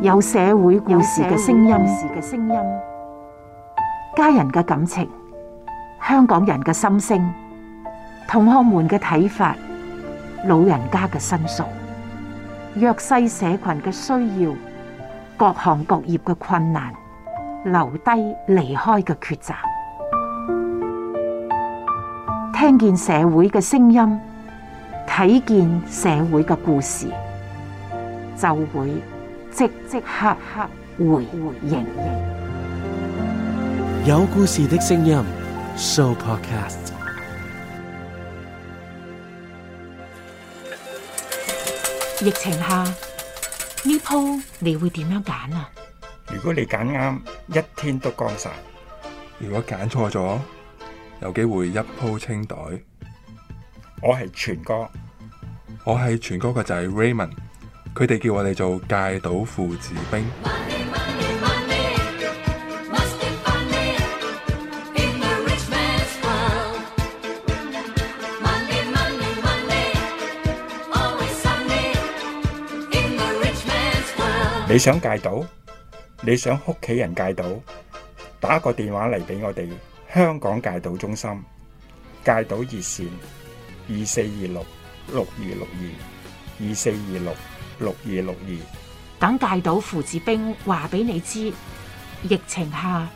有社會故事嘅聲音，故事嘅聲音，家人嘅感情，香港人嘅心聲，同學們嘅睇法，老人家嘅申訴，弱勢社群嘅需要，各行各業嘅困難，留低離開嘅抉擇，聽見社會嘅聲音，睇見社會嘅故事，就會。即即刻刻，直直回回應應， 有故事的聲音，Show Podcast。疫情下呢鋪你會點樣揀啊？如果你揀啱，一天都光晒；如果揀錯咗，有機會一鋪清袋。我係全哥，我係全哥個仔 Raymond。佢哋叫我哋做戒賭父子兵。你想戒賭？你想屋企人戒賭？打個電話嚟俾我哋香港戒賭中心戒賭熱線二四二六六二六二二四二六。六二六二，等戒賭父子兵話俾你知，疫情下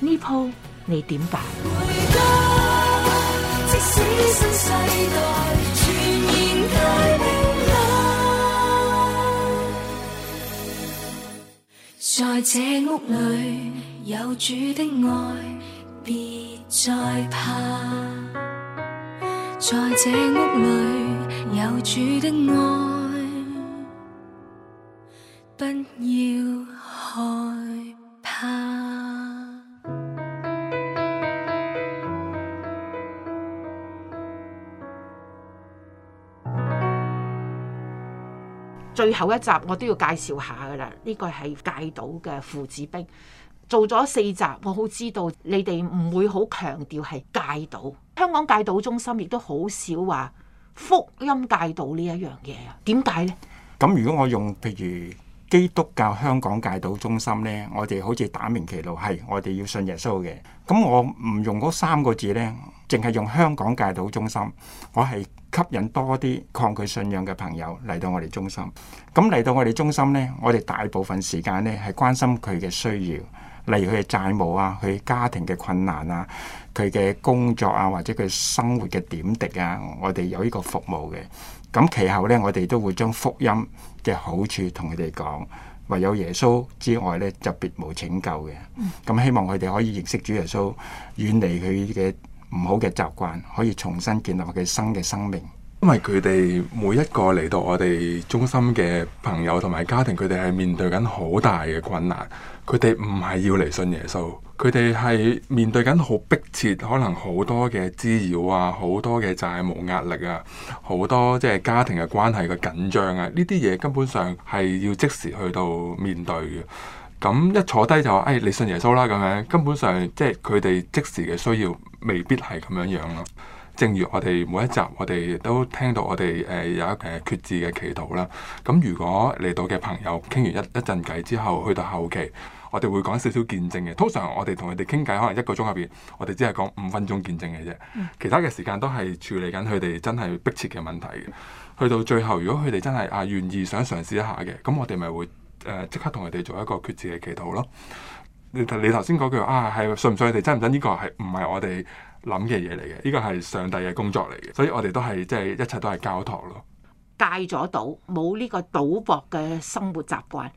呢鋪你點辦？在這屋裏有主的愛，別再怕。在這屋裏有主的愛。要害怕。最後一集我都要介紹下噶啦，呢、這個係戒賭嘅父子兵做咗四集，我好知道你哋唔會好強調係戒賭。香港戒賭中心亦都好少話福音戒賭呢一樣嘢啊？點解呢？咁如果我用譬如，基督教香港戒賭中心呢，我哋好似打明其路，係我哋要信耶穌嘅。咁我唔用嗰三個字呢，淨係用香港戒賭中心，我係吸引多啲抗拒信仰嘅朋友嚟到我哋中心。咁嚟到我哋中心呢，我哋大部分時間呢，係關心佢嘅需要。例如佢嘅債務啊，佢家庭嘅困難啊，佢嘅工作啊，或者佢生活嘅點滴啊，我哋有呢個服務嘅。咁其後呢，我哋都會將福音嘅好處同佢哋講，唯有耶穌之外呢，就別無拯救嘅。咁希望佢哋可以認識主耶穌，遠離佢嘅唔好嘅習慣，可以重新建立佢新嘅生命。因為佢哋每一個嚟到我哋中心嘅朋友同埋家庭，佢哋係面對緊好大嘅困難。佢哋唔係要嚟信耶穌，佢哋係面對緊好迫切，可能好多嘅滋擾啊，好多嘅債務壓力啊，好多即係、啊、家庭嘅關係嘅緊張啊。呢啲嘢根本上係要即時去到面對嘅。咁一坐低就話誒、哎，你信耶穌啦咁樣，根本上即係佢哋即時嘅需要未必係咁樣樣、啊、咯。正如我哋每一集，我哋都聽到我哋誒有一誒決志嘅祈禱啦。咁如果嚟到嘅朋友傾完一一陣偈之後，去到後期，我哋會講少少見證嘅。通常我哋同佢哋傾偈，可能一個鐘入邊，我哋只係講五分鐘見證嘅啫。其他嘅時間都係處理緊佢哋真係迫切嘅問題。去到最後，如果佢哋真係啊願意想嘗試一下嘅，咁我哋咪會誒即刻同佢哋做一個決志嘅祈禱咯。你你頭先講句啊，係信唔信你哋真唔真？呢個係唔係我哋諗嘅嘢嚟嘅，呢個係上帝嘅工作嚟嘅，所以我哋都係即係一切都係交託咯。戒咗賭，冇呢個賭博嘅生活習慣，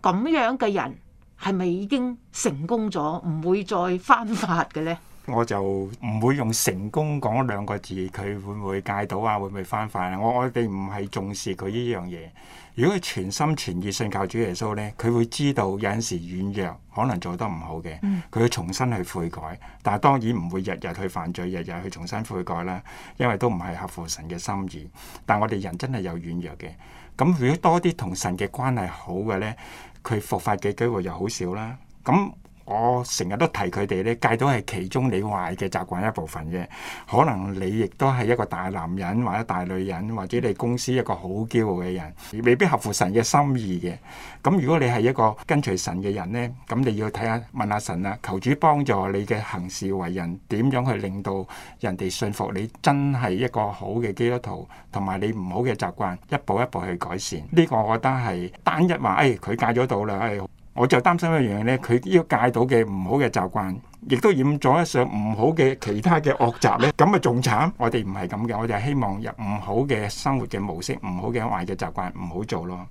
咁樣嘅人係咪已經成功咗，唔會再翻發嘅呢？我就唔會用成功講兩個字，佢會唔會戒到啊？會唔會翻返啊？我我哋唔係重視佢呢樣嘢。如果佢全心全意信靠主耶穌呢，佢會知道有陣時軟弱，可能做得唔好嘅，佢會重新去悔改。但係當然唔會日日去犯罪，日日去重新悔改啦，因為都唔係合乎神嘅心意。但我哋人真係有軟弱嘅。咁如果多啲同神嘅關係好嘅呢，佢復發嘅機會又好少啦。咁。我成日都提佢哋咧，戒到係其中你壞嘅習慣一部分嘅，可能你亦都係一個大男人或者大女人，或者你公司一個好驕傲嘅人，未必合乎神嘅心意嘅。咁如果你係一個跟隨神嘅人咧，咁你要睇下問下神啊，求主幫助你嘅行事為人點樣去令到人哋信服你真係一個好嘅基督徒，同埋你唔好嘅習慣一步一步去改善。呢個我覺得係單一話，誒佢戒咗到啦，誒。我就擔心一樣嘢呢，佢要戒到嘅唔好嘅習慣，亦都染咗上唔好嘅其他嘅惡習呢。咁啊仲慘，我哋唔係咁嘅，我哋希望有唔好嘅生活嘅模式，唔好嘅壞嘅習慣，唔好做咯。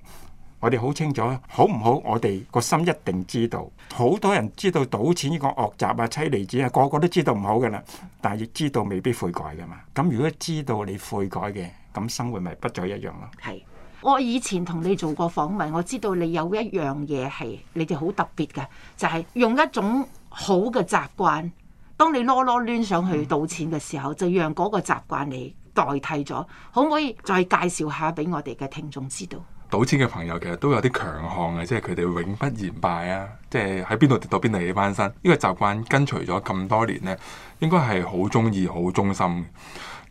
我哋好清楚，好唔好，我哋個心一定知道。好多人知道賭錢呢個惡習啊、妻離子啊，個個都知道唔好噶啦，但係亦知道未必悔改噶嘛。咁如果知道你悔改嘅，咁生活咪不再一樣咯。係。我以前同你做過訪問，我知道你有一樣嘢係你哋好特別嘅，就係用一種好嘅習慣。當你囉囉攣想去賭錢嘅時候，就讓嗰個習慣你代替咗。可唔可以再介紹下俾我哋嘅聽眾知道？賭錢嘅朋友其實都有啲強項嘅，即係佢哋永不言敗啊！即係喺邊度跌到邊度起返身。呢個習慣跟隨咗咁多年呢，應該係好鍾意、好忠心。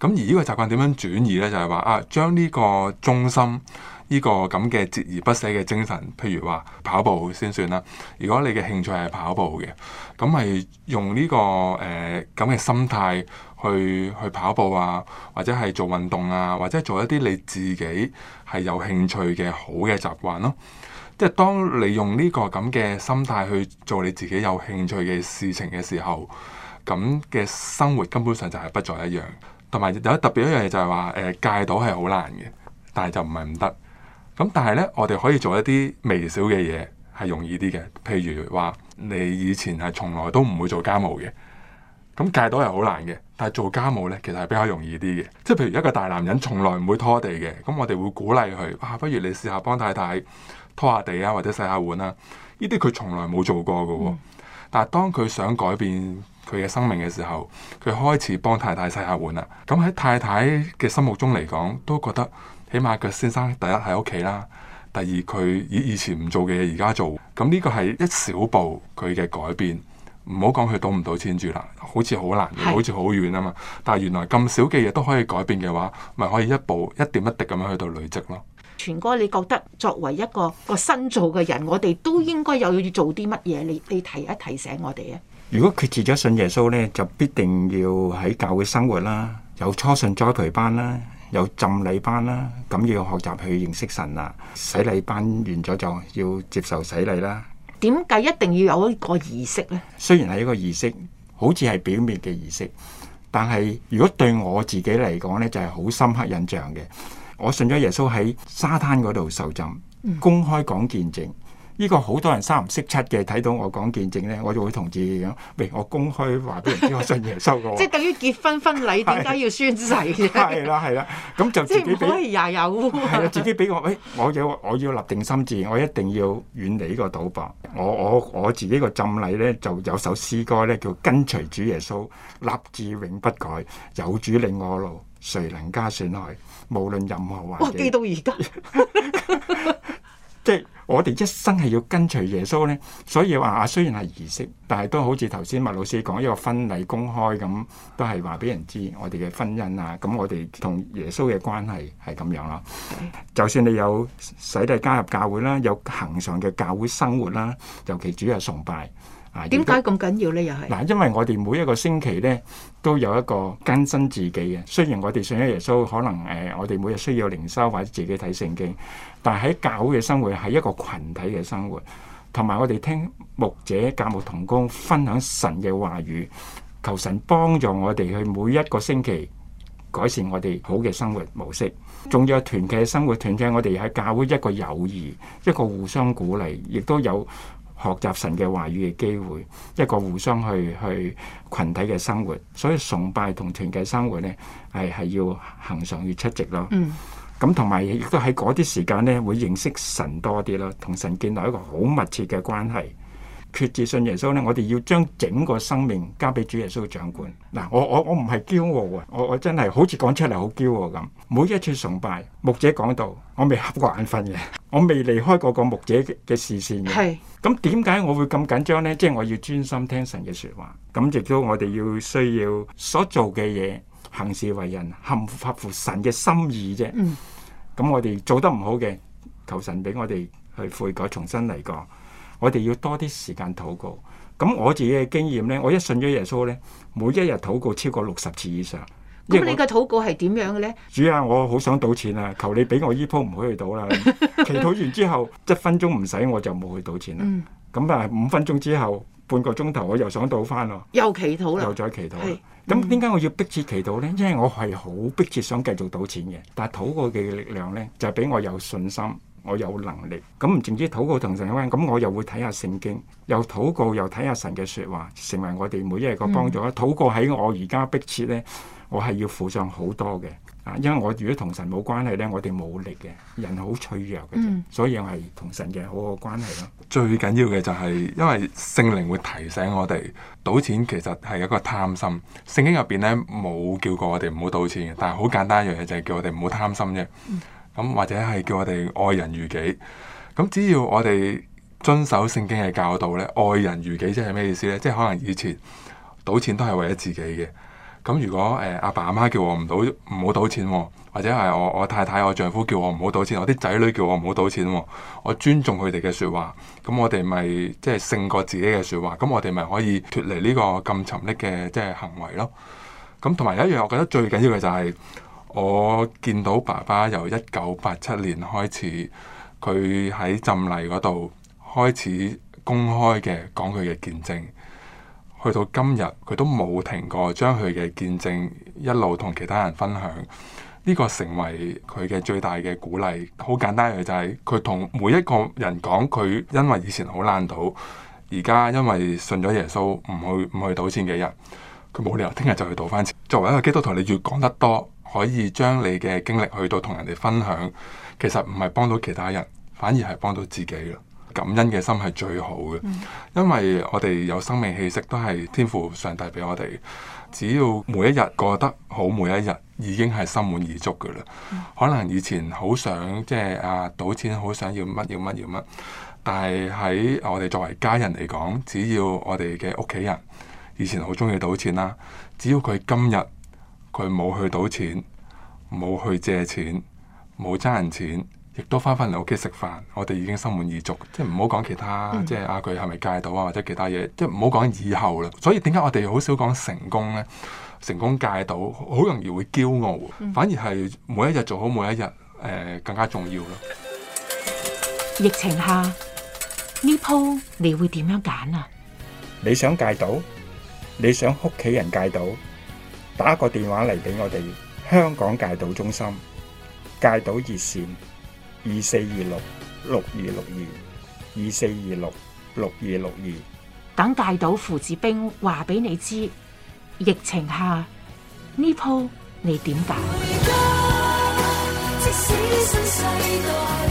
咁而呢個習慣點樣轉移呢？就係話啊，將呢個中心呢個咁嘅鍥而不捨嘅精神，譬如話跑步先算啦。如果你嘅興趣係跑步嘅，咁咪用呢個誒咁嘅心態去去跑步啊，或者係做運動啊，或者做一啲你自己係有興趣嘅好嘅習慣咯。即係當你用呢個咁嘅心態去做你自己有興趣嘅事情嘅時候，咁嘅生活根本上就係不再一樣。同埋有一特別一樣嘢就係話，誒戒到係好難嘅，但係就唔係唔得。咁但係咧，我哋可以做一啲微小嘅嘢係容易啲嘅。譬如話，你以前係從來都唔會做家務嘅，咁戒到係好難嘅。但係做家務咧，其實係比較容易啲嘅。即係譬如一個大男人從來唔會拖地嘅，咁我哋會鼓勵佢啊，不如你試下幫太太拖下地啊，或者洗下碗啦、啊。呢啲佢從來冇做過㗎喎，嗯、但係當佢想改變佢嘅生命嘅時候，佢開始幫太太洗下碗啦。咁喺太太嘅心目中嚟講，都覺得起碼佢先生第一喺屋企啦，第二佢以以前唔做嘅嘢而家做。咁呢個係一小步佢嘅改變。唔好講佢賭唔到錢住啦，好似好難，好似好遠啊嘛。是但係原來咁少嘅嘢都可以改變嘅話，咪可以一步一點一滴咁樣去到累積咯。全哥，你覺得作為一個一個新造嘅人，我哋都應該有要做啲乜嘢？你你提一提醒我哋啊！如果決定咗信耶穌呢，就必定要喺教會生活啦，有初信栽培班啦，有浸禮班啦，咁要學習去認識神啦。洗禮班完咗就要接受洗禮啦。點解一定要有一個儀式呢？雖然係一個儀式，好似係表面嘅儀式，但係如果對我自己嚟講呢，就係好深刻印象嘅。我信咗耶穌喺沙灘嗰度受浸，公開講見證。呢個好多人三唔識七嘅，睇到我講見證咧，我就會同自己講，喂，我公開話俾人知我信耶穌嘅。即係等於結婚婚禮點解要宣誓嘅？係啦係啦，咁就自己俾廿廿。係啦，自己俾我，喂，我要我要立定心志，我一定要遠離呢個賭博。我我我自己個浸禮咧就有首詩歌咧叫《跟隨主耶穌，立志永不改，有主領我路，誰能加損害？無論任何環境》。我記到而家。即係我哋一生係要跟隨耶穌呢，所以話啊，雖然係儀式，但係都好似頭先麥老師講，一個婚禮公開咁，都係話俾人知我哋嘅婚姻啊，咁我哋同耶穌嘅關係係咁樣咯。就算你有洗禮加入教會啦，有恆常嘅教會生活啦，尤其主要係崇拜。點解咁緊要呢？又係嗱、啊，因為我哋每一個星期咧，都有一個更新自己嘅。雖然我哋信咗耶穌，可能誒、呃，我哋每日需要靈修或者自己睇聖經，但係喺教會嘅生活係一個群體嘅生活，同埋我哋聽牧者教牧同工分享神嘅話語，求神幫助我哋去每一個星期改善我哋好嘅生活模式。仲要係團契嘅生活，團契我哋喺教會一個友誼，一個互相鼓勵，亦都有。學習神嘅話語嘅機會，一個互相去去群體嘅生活，所以崇拜同團契生活呢，係係要恆常去出席咯。咁同埋亦都喺嗰啲時間呢，會認識神多啲咯，同神建立一個好密切嘅關係。決志信耶穌呢，我哋要將整個生命交俾主耶穌掌管。嗱，我我我唔係驕傲啊！我我，我，我，我真係好似講出嚟好驕傲咁。每一次崇拜牧者講到，我未合過眼瞓嘅，我未離開嗰個牧者嘅視線嘅。咁是，點解我會咁緊張呢？即、就、係、是、我要專心聽神嘅說話。咁亦都我哋要需要所做嘅嘢，行事為人合乎合乎神嘅心意啫。咁、嗯、我哋做得唔好嘅，求神俾我哋去悔改，重新嚟過。我哋要多啲時間禱告。咁我自己嘅經驗呢，我一信咗耶穌呢，每一日禱告超過六十次以上。咁你嘅禱告係點樣嘅呢？主啊，我好想賭錢啊！求你俾我依鋪唔好去賭啦。 祈禱完之後，一分鐘唔使，我就冇去賭錢啦。咁啊、嗯，嗯、但係五分鐘之後，半個鐘頭我又想賭翻咯。又祈禱啦，又再祈禱啦。咁點解我要迫切祈禱呢？因為我係好迫切想繼續賭錢嘅。但係禱告嘅力量呢，就俾我有信心。我有能力咁。唔止之禱告同神有關，咁我又會睇下聖經，又禱告，又睇下神嘅說話，成為我哋每一日個幫助啦。禱告喺我而家迫切呢，我係要付上好多嘅，啊，因為我如果同神冇關係呢，我哋冇力嘅，人好脆弱嘅，嗯、所以我係同神嘅好好關係咯、啊。最緊要嘅就係，因為聖靈會提醒我哋，賭錢其實係一個貪心。聖經入邊呢，冇叫過我哋唔好賭錢嘅，但係好簡單一樣嘢就係叫我哋唔好貪心啫。嗯咁或者係叫我哋愛人如己，咁只要我哋遵守聖經嘅教導咧，愛人如己即係咩意思呢？即係可能以前賭錢都係為咗自己嘅，咁如果誒阿爸阿媽叫我唔賭唔好賭錢、哦，或者係我我太太我丈夫叫我唔好賭錢，我啲仔女叫我唔好賭錢、哦，我尊重佢哋嘅說話，咁我哋咪即係勝過自己嘅說話，咁我哋咪可以脫離呢個咁沉溺嘅即係行為咯。咁同埋有一樣，我覺得最緊要嘅就係、是。我見到爸爸由一九八七年開始，佢喺浸禮嗰度開始公開嘅講佢嘅見證，去到今日佢都冇停過，將佢嘅見證一路同其他人分享。呢個成為佢嘅最大嘅鼓勵。好簡單嘅就係佢同每一個人講，佢因為以前好爛賭，而家因為信咗耶穌唔去唔去賭錢嘅人，佢冇理由聽日就去賭返錢。作為一個基督徒，你越講得多，可以將你嘅經歷去到同人哋分享，其實唔係幫到其他人，反而係幫到自己啦。感恩嘅心係最好嘅，因為我哋有生命氣息都係天父上帝俾我哋。只要每一日過得好，每一日已經係心滿意足嘅啦。可能以前好想即係、就是、啊賭錢，好想要乜要乜要乜，但係喺我哋作為家人嚟講，只要我哋嘅屋企人以前好中意賭錢啦，只要佢今日。佢冇去賭錢，冇去借錢，冇爭人錢，亦都翻返嚟屋企食飯。我哋已經心滿意足，即係唔好講其他，嗯、即係阿佢係咪戒到啊？或者其他嘢，即係唔好講以後啦。所以點解我哋好少講成功呢？成功戒到，好容易會驕傲，嗯、反而係每一日做好每一日，誒、呃，更加重要咯。疫情下呢鋪你會點樣揀啊你？你想戒到？你想屋企人戒到？打個電話嚟俾我哋香港戒賭中心戒賭熱線，二四二六六二六二二四二六六二六二，26, 26 2, 26, 26等戒賭父子兵話俾你知，疫情下呢鋪你點辦？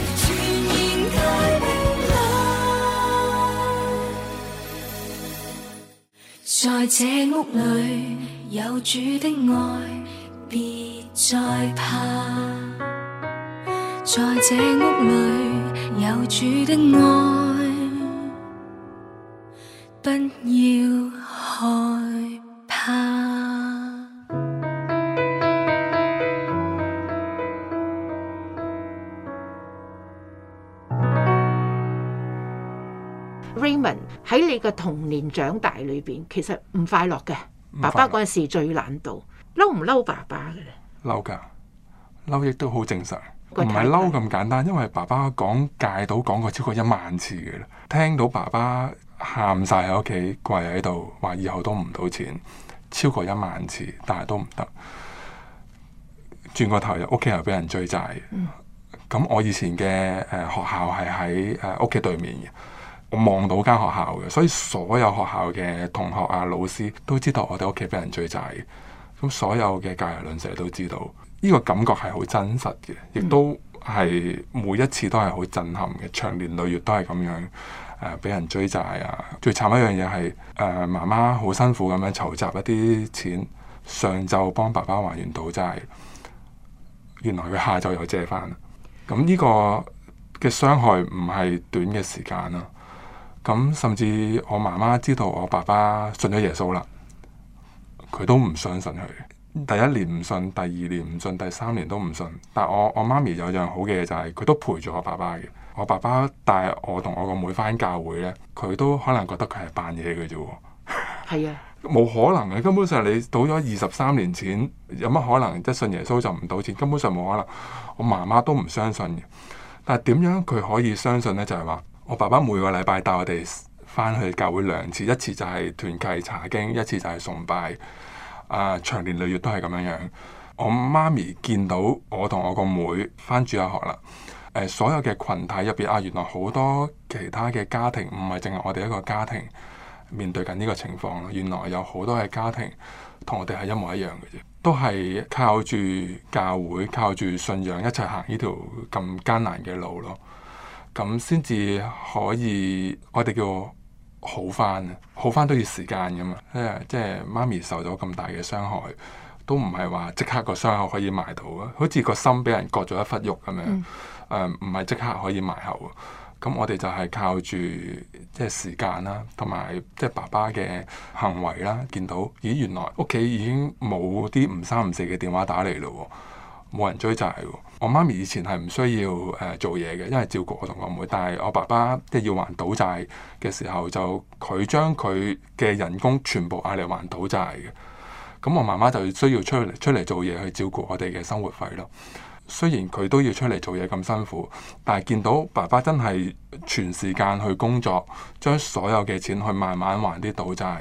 在這屋裏有主的愛，別再怕。在這屋裏有主的愛，不要害。喺你嘅童年長大裏邊，其實唔快樂嘅。快樂，爸爸嗰陣時最懶惰，嬲唔嬲爸爸嘅咧？嬲噶，嬲亦都好正常，唔係嬲咁簡單。因為爸爸講戒賭講過超過一萬次嘅啦，聽到爸爸喊晒喺屋企跪喺度，話以後都唔賭錢，超過一萬次，但係都唔得。轉個頭，屋企又俾人追債。咁、嗯、我以前嘅誒學校係喺誒屋企對面嘅。我望到間學校嘅，所以所有學校嘅同學啊、老師都知道我哋屋企俾人追債。咁所有嘅隔離鄰舍都知道，呢個感覺係好真實嘅，亦都係每一次都係好震撼嘅。長年累月都係咁樣誒，俾人追債啊。最慘一樣嘢係誒，媽媽好辛苦咁樣籌集一啲錢，上晝幫爸爸還完賭債，原來佢下晝又借翻。咁呢個嘅傷害唔係短嘅時間啦、啊。咁甚至我媽媽知道我爸爸信咗耶穌啦，佢都唔相信佢。第一年唔信，第二年唔信，第三年都唔信。但係我我媽咪有樣好嘅嘢，就是，就係佢都陪住我爸爸嘅。我爸爸帶我同我個妹返教會呢，佢都可能覺得佢係扮嘢嘅啫喎。係啊 的，冇可能嘅，根本上你賭咗二十三年錢，有乜可能即信耶穌就唔賭錢？根本上冇可能。我媽媽都唔相信嘅，但係點樣佢可以相信呢？就係話。我爸爸每個禮拜帶我哋翻去教會兩次，一次就係團契查經，一次就係崇拜。啊，長年累月都係咁樣樣。我媽咪見到我同我個妹翻主日學啦。誒、呃，所有嘅群體入邊啊，原來好多其他嘅家庭唔係淨係我哋一個家庭面對緊呢個情況。原來有好多嘅家庭同我哋係一模一樣嘅啫，都係靠住教會、靠住信仰一齊行呢條咁艱難嘅路咯。咁先至可以，我哋叫我好翻啊！好翻都要時間㗎嘛，即係即係媽咪受咗咁大嘅傷害，都唔係話即刻個傷口可以埋到咯，好似個心俾人割咗一忽肉咁樣，誒唔係即刻可以埋口啊！咁我哋就係靠住即係時間啦，同埋即係爸爸嘅行為啦，見到咦原來屋企已經冇啲唔三唔四嘅電話打嚟咯，冇人追債喎。我媽咪以前係唔需要誒、呃、做嘢嘅，因為照顧我同我妹妹。但係我爸爸即係要還賭債嘅時候，就佢將佢嘅人工全部嗌嚟還賭債嘅。咁我媽媽就需要出嚟出嚟做嘢去照顧我哋嘅生活費咯。雖然佢都要出嚟做嘢咁辛苦，但係見到爸爸真係全時間去工作，將所有嘅錢去慢慢還啲賭債，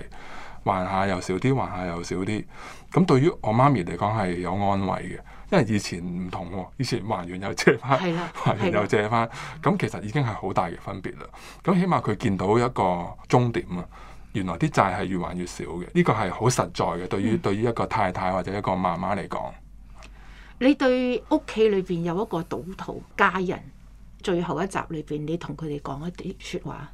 還下又少啲，還下又少啲。咁對於我媽咪嚟講係有安慰嘅。因為以前唔同喎、啊，以前還完又借翻，的還完又借翻，咁的其實已經係好大嘅分別啦。咁起碼佢見到一個終點啊，原來啲債係越還越少嘅，呢、這個係好實在嘅。對於、嗯、對於一個太太或者一個媽媽嚟講，你對屋企裏邊有一個賭徒家人，最後一集裏邊你同佢哋講一啲説話，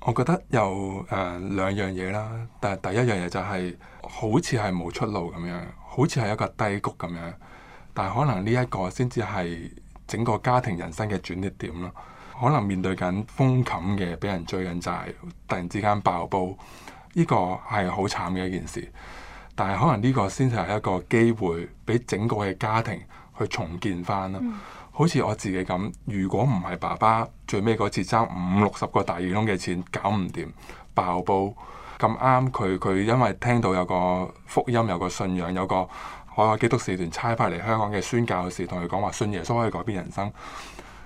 我覺得有誒、呃、兩樣嘢啦。但係第一樣嘢就係、是、好似係冇出路咁樣，好似係一個低谷咁樣。但係可能呢一個先至係整個家庭人生嘅轉捩點咯。可能面對緊封冚嘅，俾人追緊就係突然之間爆煲，呢、呢個係好慘嘅一件事。但係可能呢個先係一個機會，俾整個嘅家庭去重建翻啦。嗯、好似我自己咁，如果唔係爸爸最尾嗰次爭五六十個大耳窿嘅錢搞唔掂，爆煲咁啱佢佢因為聽到有個福音，有個信仰，有個。海外基督使團差派嚟香港嘅宣教士同佢講話，信耶穌可以改變人生，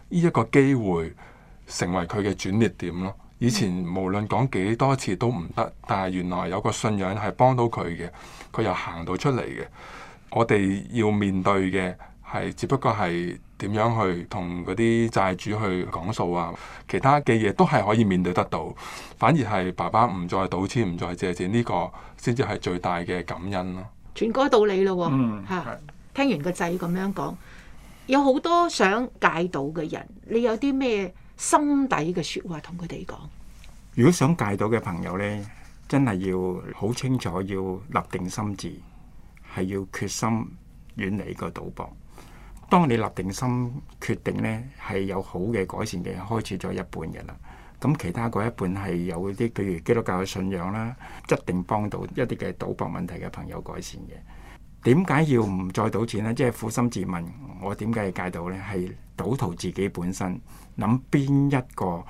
呢一個機會成為佢嘅轉捩點咯。以前無論講幾多次都唔得，但係原來有個信仰係幫到佢嘅，佢又行到出嚟嘅。我哋要面對嘅係只不過係點樣去同嗰啲債主去講數啊，其他嘅嘢都係可以面對得到，反而係爸爸唔再賭錢唔再借錢呢個，先至係最大嘅感恩咯。全哥道理咯，嚇、嗯！聽完個仔咁樣講，有好多想戒賭嘅人，你有啲咩心底嘅説話同佢哋講？如果想戒賭嘅朋友呢，真係要好清楚，要立定心志，係要決心遠離個賭博。當你立定心決定呢，係有好嘅改善嘅，開始咗一半嘅啦。咁其他嗰一半係有啲，譬如基督教嘅信仰啦，一定幫到一啲嘅賭博問題嘅朋友改善嘅。點解要唔再賭錢呢？即係苦心自問，我點解要戒賭呢？係賭徒自己本身諗邊一個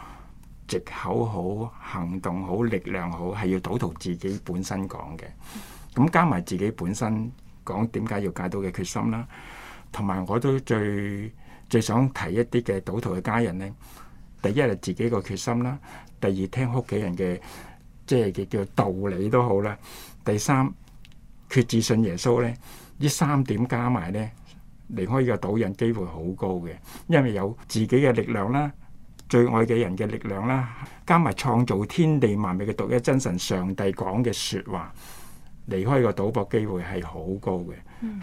藉口好、行動好、力量好，係要賭徒自己本身講嘅。咁加埋自己本身講點解要戒賭嘅決心啦，同埋我都最最想提一啲嘅賭徒嘅家人呢。第一係自己個決心啦，第二聽屋企人嘅，即係嘅叫道理都好啦，第三決志信耶穌咧，呢三點加埋咧，離開呢個賭癮機會好高嘅。因為有自己嘅力量啦，最愛嘅人嘅力量啦，加埋創造天地萬物嘅獨一真神上帝講嘅說話，離開個賭博機會係好高嘅，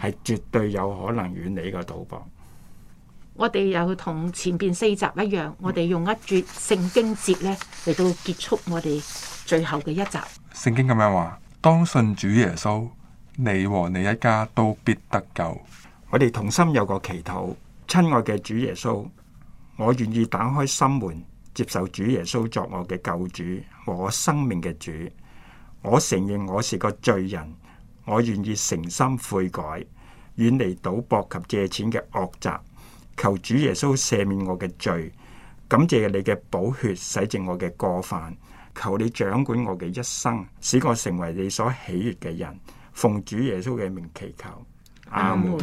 係絕對有可能遠離呢個賭博。我哋又同前邊四集一樣，我哋用一節聖經節呢嚟到結束我哋最後嘅一集聖經咁樣話：當信主耶穌，你和你一家都必得救。我哋同心有個祈禱，親愛嘅主耶穌，我願意打開心門，接受主耶穌作我嘅救主和我生命嘅主。我承認我是個罪人，我願意誠心悔改，遠離賭博及借錢嘅惡習。求主耶穌赦免我嘅罪，感謝你嘅寶血洗淨我嘅過犯，求你掌管我嘅一生，使我成為你所喜悅嘅人。奉主耶穌嘅名祈求，阿門。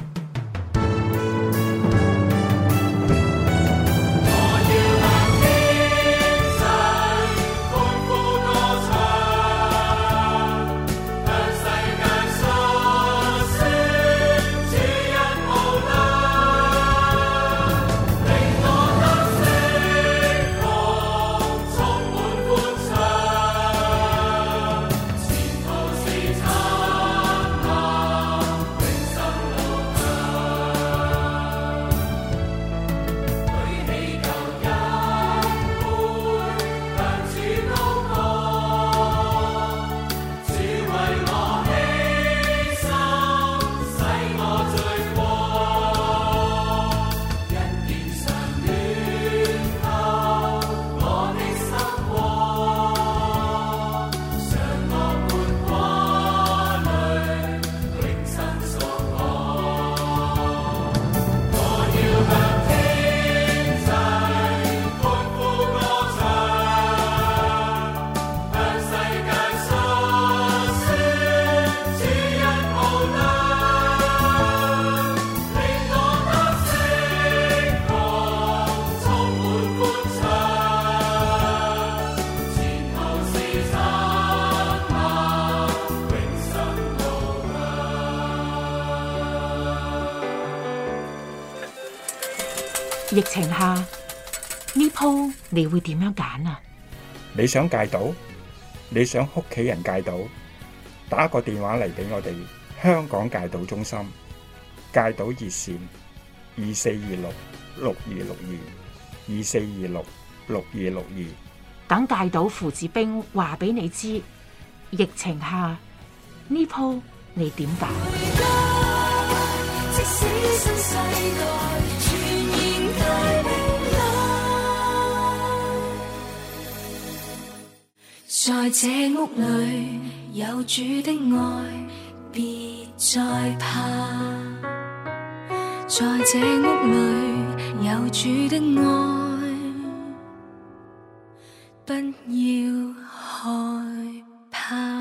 鋪你會點樣揀啊？你想戒賭？你想屋企人戒賭？打個電話嚟俾我哋香港戒賭中心戒賭熱線二四二六六二六二二四二六六二六二。等戒賭胡志兵話俾你知，疫情下呢鋪你點辦？在這屋裏有主的愛，別再怕。在這屋裏有主的愛，不要害怕。